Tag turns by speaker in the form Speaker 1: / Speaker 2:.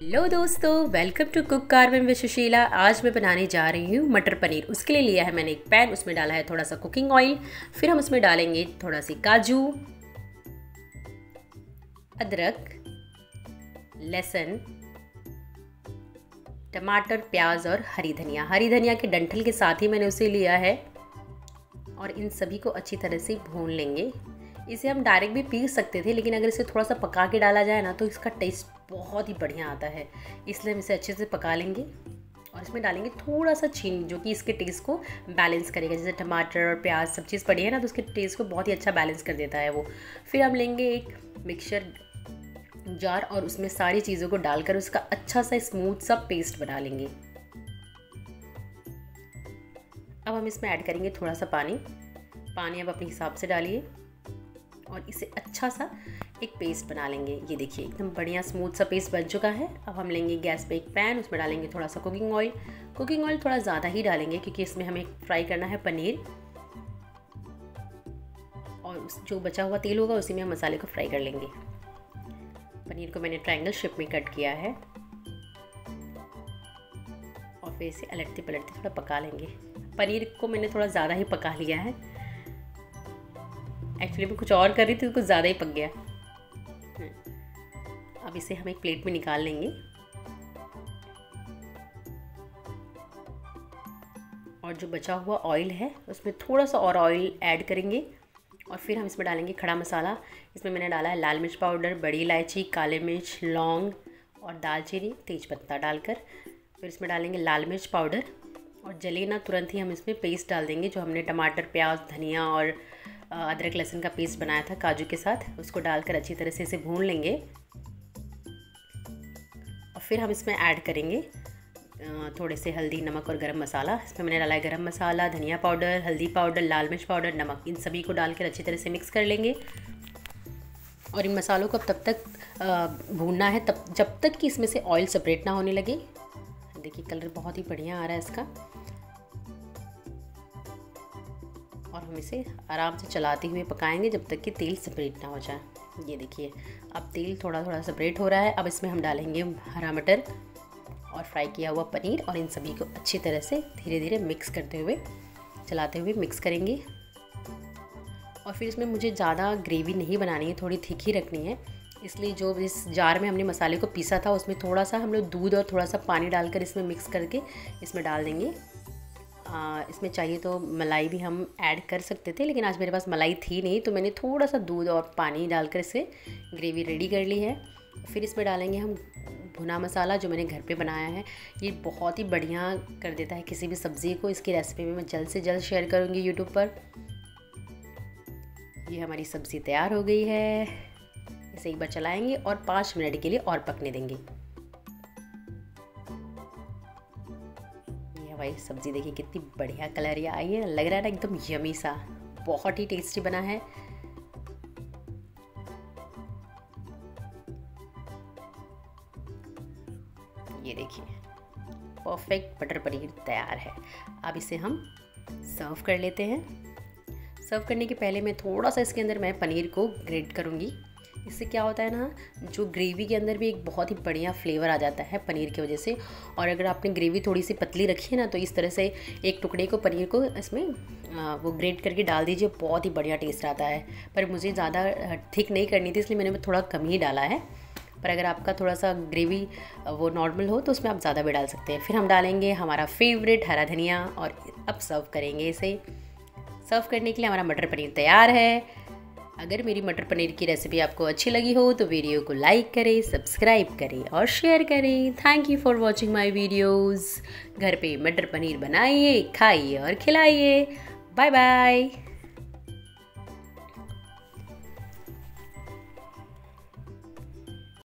Speaker 1: hello दोस्तों welcome to cook कार में सुशीला आज मैं बनाने जा रही हूँ मटर पनीर उसके लिए लिया है मैंने एक पैन उसमें डाला है थोड़ा सा कुकिंग ऑयल फिर हम उसमें डालेंगे थोड़ा सी काजू अदरक लहसुन टमाटर प्याज और हरी धनिया हरी धनिया के डंठल के साथ ही मैंने उसे लिया है और इन सभी को अच्छी तरह से भून लेंगे इसे हम डायरेक्ट भी पीस सकते थे लेकिन अगर इसे थोड़ा सा पका के डाला जाए ना तो इसका टेस्ट बहुत ही बढ़िया आता है इसलिए हम इसे अच्छे से पका लेंगे और इसमें डालेंगे थोड़ा सा छीन जो कि इसके टेस्ट को बैलेंस करेगा जैसे टमाटर और प्याज सब चीज़ पड़ी है ना तो उसके टेस्ट को बहुत ही अच्छा बैलेंस कर देता है वो फिर हम लेंगे एक मिक्सचर जार और उसमें सारी चीज़ों को डालकर उसका अच्छा सा स्मूथ सा पेस्ट बना लेंगे अब हम इसमें ऐड करेंगे थोड़ा सा पानी पानी अब अपने हिसाब से डालिए और इसे अच्छा सा एक पेस्ट बना लेंगे ये देखिए एकदम बढ़िया स्मूथ सा पेस्ट बन चुका है अब हम लेंगे गैस पे एक पैन उसमें डालेंगे थोड़ा सा कुकिंग ऑयल कुकिंग ऑयल थोड़ा ज़्यादा ही डालेंगे क्योंकि इसमें हमें फ्राई करना है पनीर और उस जो बचा हुआ तेल होगा उसी में हम मसाले को फ्राई कर लेंगे पनीर को मैंने ट्राइंगल शेप में कट किया है और फिर इसे अलटते पलटते थोड़ा पका लेंगे पनीर को मैंने थोड़ा ज़्यादा ही पका लिया है एक्चुअली मैं कुछ और कर रही थी तो कुछ ज़्यादा ही पक गया अब इसे हम एक प्लेट में निकाल लेंगे और जो बचा हुआ ऑयल है उसमें थोड़ा सा और ऑयल ऐड करेंगे और फिर हम इसमें डालेंगे खड़ा मसाला इसमें मैंने डाला है लाल मिर्च पाउडर बड़ी इलायची काले मिर्च लौंग और दालचीनी तेज़पत्ता डालकर फिर इसमें डालेंगे लाल मिर्च पाउडर और जले ना तुरंत ही हम इसमें पेस्ट डाल देंगे जो हमने टमाटर प्याज धनिया और अदरक लहसुन का पेस्ट बनाया था काजू के साथ उसको डालकर अच्छी तरह से इसे भून लेंगे फिर हम इसमें ऐड करेंगे थोड़े से हल्दी नमक और गरम मसाला इसमें मैंने डाला है गरम मसाला धनिया पाउडर हल्दी पाउडर लाल मिर्च पाउडर नमक इन सभी को डालकर अच्छी तरह से मिक्स कर लेंगे और इन मसालों को अब तब तक भूनना है तब जब तक कि इसमें से ऑयल सेपरेट ना होने लगे देखिए कलर बहुत ही बढ़िया आ रहा है इसका और हम इसे आराम से चलाते हुए पकाएंगे जब तक कि तेल सेपरेट ना हो जाए ये देखिए अब तेल थोड़ा थोड़ा सेपरेट हो रहा है अब इसमें हम डालेंगे हरा मटर और फ्राई किया हुआ पनीर और इन सभी को अच्छी तरह से धीरे धीरे मिक्स करते हुए चलाते हुए मिक्स करेंगे और फिर इसमें मुझे ज़्यादा ग्रेवी नहीं बनानी है थोड़ी थिक ही रखनी है इसलिए जो इस जार में हमने मसाले को पीसा था उसमें थोड़ा सा हम लोग दूध और थोड़ा सा पानी डालकर इसमें मिक्स करके इसमें डाल देंगे आ, इसमें चाहिए तो मलाई भी हम ऐड कर सकते थे लेकिन आज मेरे पास मलाई थी नहीं तो मैंने थोड़ा सा दूध और पानी डालकर इसे ग्रेवी रेडी कर ली है फिर इसमें डालेंगे हम भुना मसाला जो मैंने घर पे बनाया है ये बहुत ही बढ़िया कर देता है किसी भी सब्ज़ी को इसकी रेसिपी में मैं जल्द से जल्द शेयर करूँगी यूट्यूब पर ये हमारी सब्ज़ी तैयार हो गई है इसे एक बार चलाएंगे और पाँच मिनट के लिए और पकने देंगे भाई सब्ज़ी देखिए कितनी बढ़िया कलर कलरिया आई है लग रहा है ना एकदम यमी सा बहुत ही टेस्टी बना है ये देखिए परफेक्ट बटर पनीर तैयार है अब इसे हम सर्व कर लेते हैं सर्व करने के पहले मैं थोड़ा सा इसके अंदर मैं पनीर को ग्रेट करूँगी इससे क्या होता है ना जो ग्रेवी के अंदर भी एक बहुत ही बढ़िया फ्लेवर आ जाता है पनीर की वजह से और अगर आपने ग्रेवी थोड़ी सी पतली रखी है ना तो इस तरह से एक टुकड़े को पनीर को इसमें वो ग्रेट करके डाल दीजिए बहुत ही बढ़िया टेस्ट आता है पर मुझे ज़्यादा ठीक नहीं करनी थी इसलिए मैंने थोड़ा कम ही डाला है पर अगर आपका थोड़ा सा ग्रेवी वो नॉर्मल हो तो उसमें आप ज़्यादा भी डाल सकते हैं फिर हम डालेंगे हमारा फेवरेट हरा धनिया और अब सर्व करेंगे इसे सर्व करने के लिए हमारा मटर पनीर तैयार है अगर मेरी मटर पनीर की रेसिपी आपको अच्छी लगी हो तो वीडियो को लाइक करें सब्सक्राइब करें और शेयर करें thank you for watching my videos घर पे मटर पनीर बनाइए खाइए और खिलाइए बाय बाय